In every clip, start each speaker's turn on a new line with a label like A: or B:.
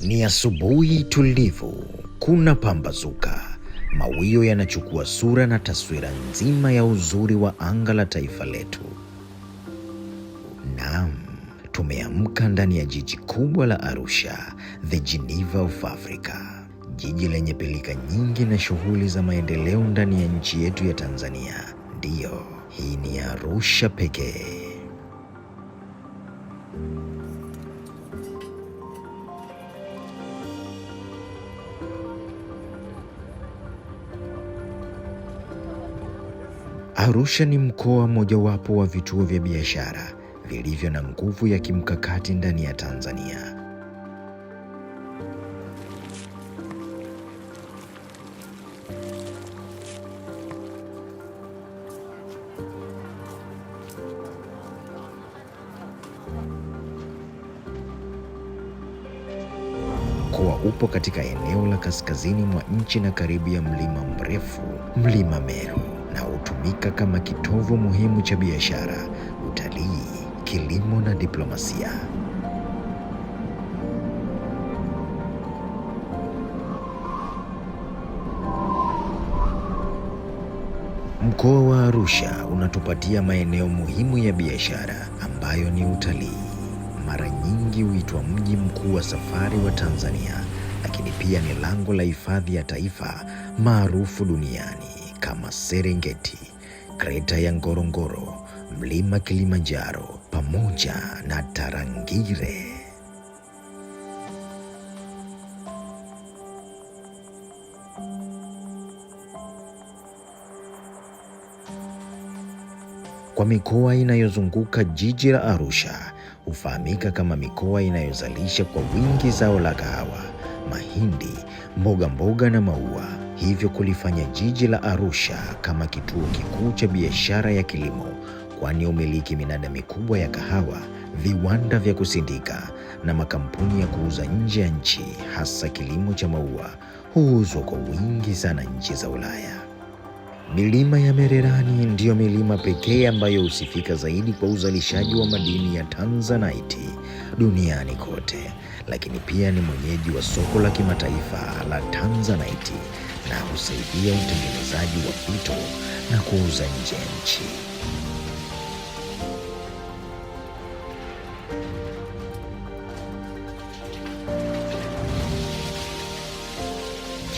A: Ni asubuhi tulivu, kuna pambazuka, mawio yanachukua sura na taswira nzima ya uzuri wa anga la taifa letu. Naam, tumeamka ndani ya jiji kubwa la Arusha, the Geneva of Africa, jiji lenye pilika nyingi na shughuli za maendeleo ndani ya nchi yetu ya Tanzania. Ndiyo, hii ni Arusha pekee. Arusha ni mkoa mojawapo wa vituo vya biashara vilivyo na nguvu ya kimkakati ndani ya Tanzania. Mkoa upo katika eneo la kaskazini mwa nchi na karibu ya mlima mrefu, Mlima Meru na hutumika kama kitovu muhimu cha biashara, utalii, kilimo na diplomasia. Mkoa wa Arusha unatupatia maeneo muhimu ya biashara ambayo ni utalii. Mara nyingi huitwa mji mkuu wa safari wa Tanzania, lakini pia ni lango la hifadhi ya taifa maarufu duniani kama Serengeti, Kreta ya Ngorongoro, Mlima Kilimanjaro pamoja na Tarangire. Kwa mikoa inayozunguka jiji la Arusha hufahamika kama mikoa inayozalisha kwa wingi zao la kahawa, mahindi, mboga mboga na maua hivyo kulifanya jiji la Arusha kama kituo kikuu cha biashara ya kilimo, kwani umiliki minada mikubwa ya kahawa, viwanda vya kusindika na makampuni ya kuuza nje ya nchi, hasa kilimo cha maua huuzwa kwa wingi sana nchi za Ulaya. Milima ya Mererani ndiyo milima pekee ambayo husifika zaidi kwa uzalishaji wa madini ya tanzanite duniani kote, lakini pia ni mwenyeji wa soko la kimataifa la tanzanite na husaidia utengenezaji wa vito na kuuza nje ya nchi.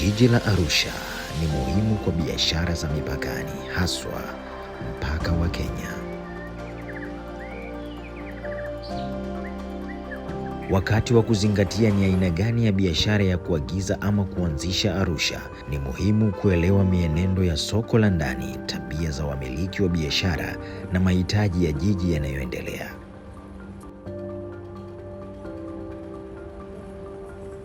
A: Jiji la Arusha ni muhimu kwa biashara za mipakani, haswa mpaka wa Kenya. Wakati wa kuzingatia ni aina gani ya biashara ya kuagiza ama kuanzisha Arusha, ni muhimu kuelewa mienendo ya soko la ndani, tabia za wamiliki wa biashara na mahitaji ya jiji yanayoendelea.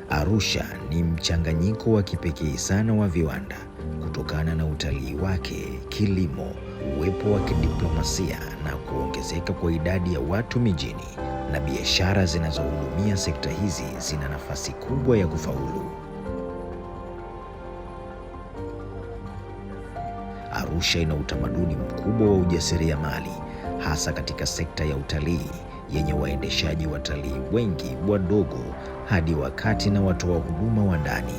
A: Arusha ni mchanganyiko wa kipekee sana wa viwanda kutokana na utalii wake, kilimo, uwepo wa kidiplomasia na kuongezeka kwa idadi ya watu mijini, na biashara zinazohudumia sekta hizi zina nafasi kubwa ya kufaulu. Arusha ina utamaduni mkubwa wa ujasiriamali hasa katika sekta ya utalii yenye waendeshaji watalii wengi wadogo hadi wakati na watoa huduma wa ndani.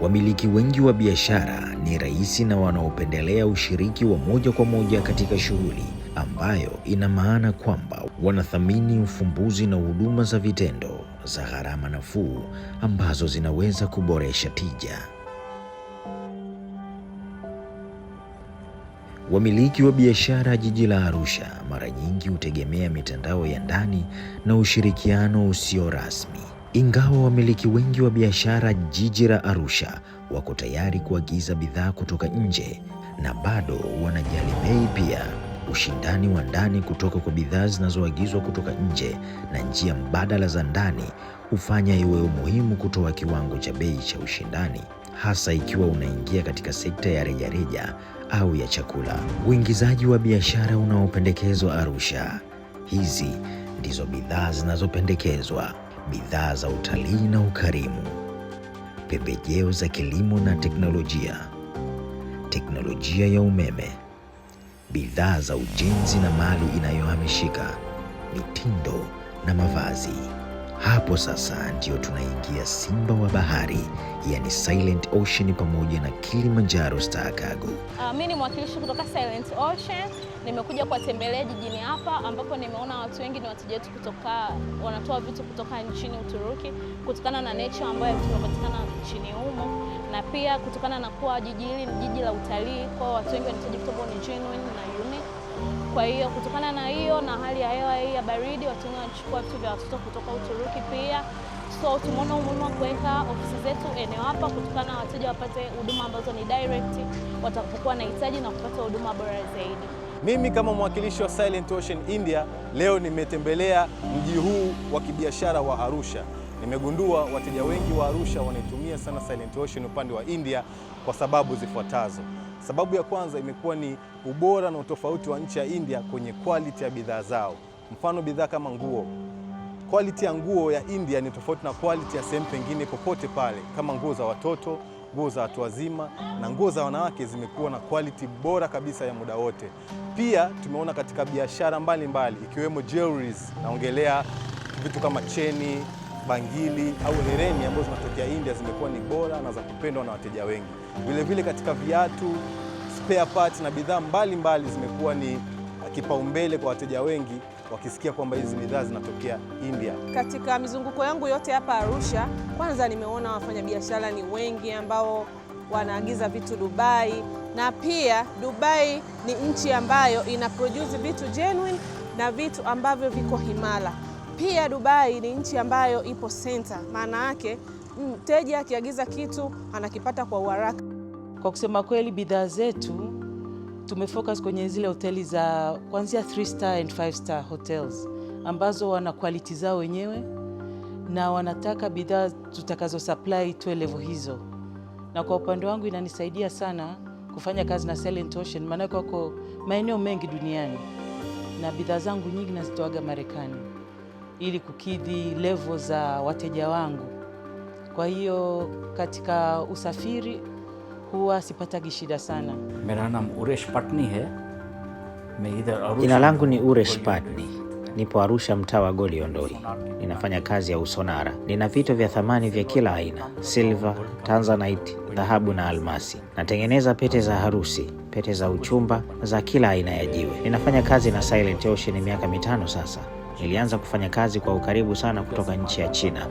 A: Wamiliki wengi wa biashara ni rahisi na wanaopendelea ushiriki wa moja kwa moja katika shughuli, ambayo ina maana kwamba wanathamini ufumbuzi na huduma za vitendo za gharama nafuu ambazo zinaweza kuboresha tija. Wamiliki wa biashara jiji la Arusha mara nyingi hutegemea mitandao ya ndani na ushirikiano usio rasmi. Ingawa wamiliki wengi wa biashara jiji la Arusha wako tayari kuagiza bidhaa kutoka nje, na bado wanajali bei pia ushindani wa ndani kutoka kwa bidhaa zinazoagizwa kutoka nje na njia mbadala za ndani hufanya iwe umuhimu kutoa kiwango cha bei cha ushindani, hasa ikiwa unaingia katika sekta ya rejareja au ya chakula. Uingizaji wa biashara unaopendekezwa Arusha. Hizi ndizo bidhaa zinazopendekezwa: bidhaa za utalii na ukarimu, pembejeo za kilimo na teknolojia, teknolojia ya umeme, bidhaa za ujenzi na mali inayohamishika, mitindo na mavazi. Hapo sasa ndio tunaingia Simba wa Bahari, yani Silent Ocean pamoja na Kilimanjaro Star Cargo.
B: Uh, mimi ni mwakilishi kutoka Silent Ocean, nimekuja kuwatembelea jijini hapa ambapo nimeona watu wengi ni wateja wetu kutoka wanatoa vitu kutoka nchini Uturuki kutokana na nature ambayo tunapatikana nchini humo na pia kutokana na kuwa jiji hili ni jiji la utalii, kwa watu wengi wanahitaji vitu ni genuine na unique. Kwa hiyo kutokana na hiyo na hali ya hewa hii ya baridi, watu wengi wanachukua vitu vya watoto kutoka Uturuki pia. So tumeona umuhimu wa kuweka ofisi zetu eneo hapa, kutokana na wateja wapate huduma ambazo ni direct watakapokuwa wanahitaji na kupata huduma bora zaidi.
C: Mimi kama mwakilishi wa Silent Ocean India leo nimetembelea mji huu wa kibiashara wa Arusha. Nimegundua wateja wengi wa Arusha wanaitumia sana Silent Ocean upande wa India kwa sababu zifuatazo. Sababu ya kwanza imekuwa ni ubora na utofauti wa nchi ya India kwenye quality ya bidhaa zao. Mfano, bidhaa kama nguo, quality ya nguo ya India ni tofauti na quality ya sehemu pengine popote pale, kama nguo za watoto, nguo za watu wazima na nguo za wanawake zimekuwa na quality bora kabisa ya muda wote. Pia tumeona katika biashara mbalimbali ikiwemo jewelries, naongelea vitu kama cheni bangili au hereni ambazo zinatokea India zimekuwa ni bora na za kupendwa na wateja wengi. Vilevile vile katika viatu, spare parts na bidhaa mbalimbali zimekuwa ni kipaumbele kwa wateja wengi wakisikia kwamba hizi bidhaa zinatokea India.
D: Katika mizunguko yangu yote hapa Arusha, kwanza nimeona wafanyabiashara ni wengi ambao wanaagiza vitu Dubai, na pia Dubai ni nchi ambayo ina produce vitu genuine na vitu ambavyo viko himala pia Dubai ni nchi ambayo ipo senta, maana yake mm, mteja akiagiza kitu anakipata kwa uharaka.
E: Kwa kusema kweli, bidhaa zetu tumefocus kwenye zile hoteli za kuanzia 3 star and 5 star hotels ambazo wana quality zao wenyewe na wanataka bidhaa tutakazo supply tuwe level hizo, na kwa upande wangu inanisaidia sana kufanya kazi na Silent Ocean, maanake wako maeneo mengi duniani na bidhaa zangu nyingi nazitoaga Marekani ili kukidhi levo za wateja wangu. Kwa hiyo katika usafiri huwa sipatagi shida sana.
F: Jina langu ni Uresh Patni, nipo Arusha, mtaa wa goli Ondoi. Ninafanya kazi ya usonara. Nina vito vya thamani vya kila aina: silver, tanzanite, dhahabu na almasi. Natengeneza pete za harusi, pete za uchumba za kila aina ya jiwe. Ninafanya kazi na Silent Ocean miaka mitano sasa. Nilianza kufanya kazi kwa ukaribu sana kutoka nchi ya China,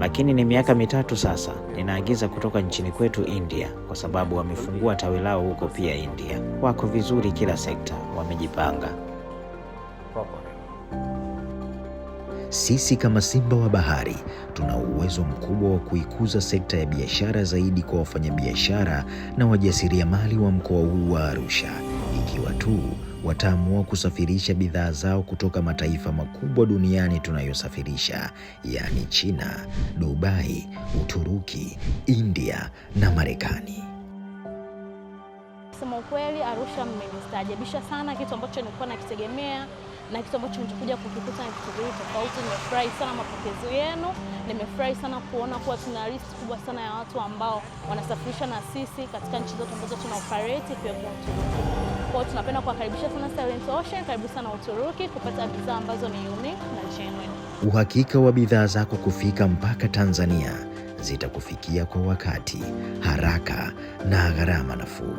F: lakini ni miaka mitatu sasa ninaagiza kutoka nchini kwetu India, kwa sababu wamefungua tawi lao huko pia India. Wako vizuri kila sekta, wamejipanga.
A: Sisi kama Simba wa Bahari tuna uwezo mkubwa wa kuikuza sekta ya biashara zaidi kwa wafanyabiashara na wajasiriamali wa mkoa huu wa Arusha ikiwa tu wataamua kusafirisha bidhaa zao kutoka mataifa makubwa duniani tunayosafirisha, yaani China, Dubai, Uturuki, India na Marekani.
B: Sema ukweli, Arusha mmenistaajabisha sana, kitu ambacho nilikuwa nakitegemea na kitu ambacho nitakuja kukikuta ni kitu kili tofauti. Nimefurahi sana mapokezi yenu, nimefurahi sana kuona kuwa tuna listi kubwa sana ya watu ambao wanasafirisha na sisi katika nchi zote ambazo tuna operate ikiwemo Uturuki. Kwa hiyo tunapenda kuwakaribisha sana Silent Ocean, karibu sana Uturuki kupata bidhaa ambazo ni unique na genuine.
A: Uhakika wa bidhaa zako kufika mpaka Tanzania zitakufikia kwa wakati, haraka na gharama nafuu.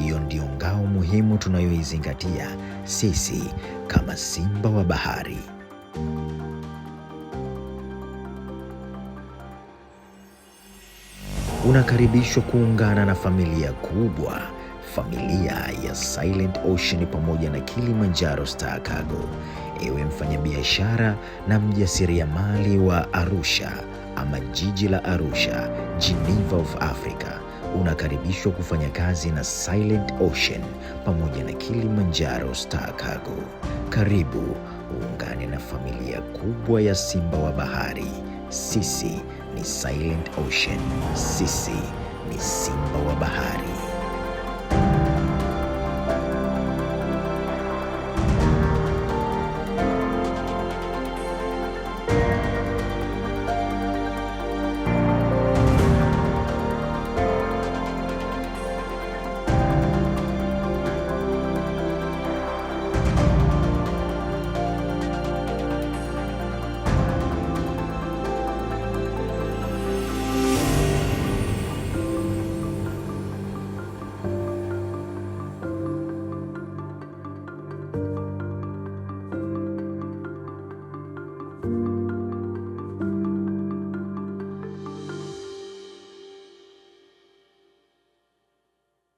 A: Hiyo ndio ngao muhimu tunayoizingatia sisi kama Simba wa Bahari. unakaribishwa kuungana na familia kubwa, familia ya Silent Ocean pamoja na Kilimanjaro Star Cargo. Ewe mfanyabiashara na mjasiriamali wa Arusha ama jiji la Arusha, Geneva of Africa, unakaribishwa kufanya kazi na Silent Ocean pamoja na Kilimanjaro Star Cargo. Karibu uungane na familia kubwa ya simba wa bahari. Sisi ni Silent Ocean, sisi ni simba wa bahari.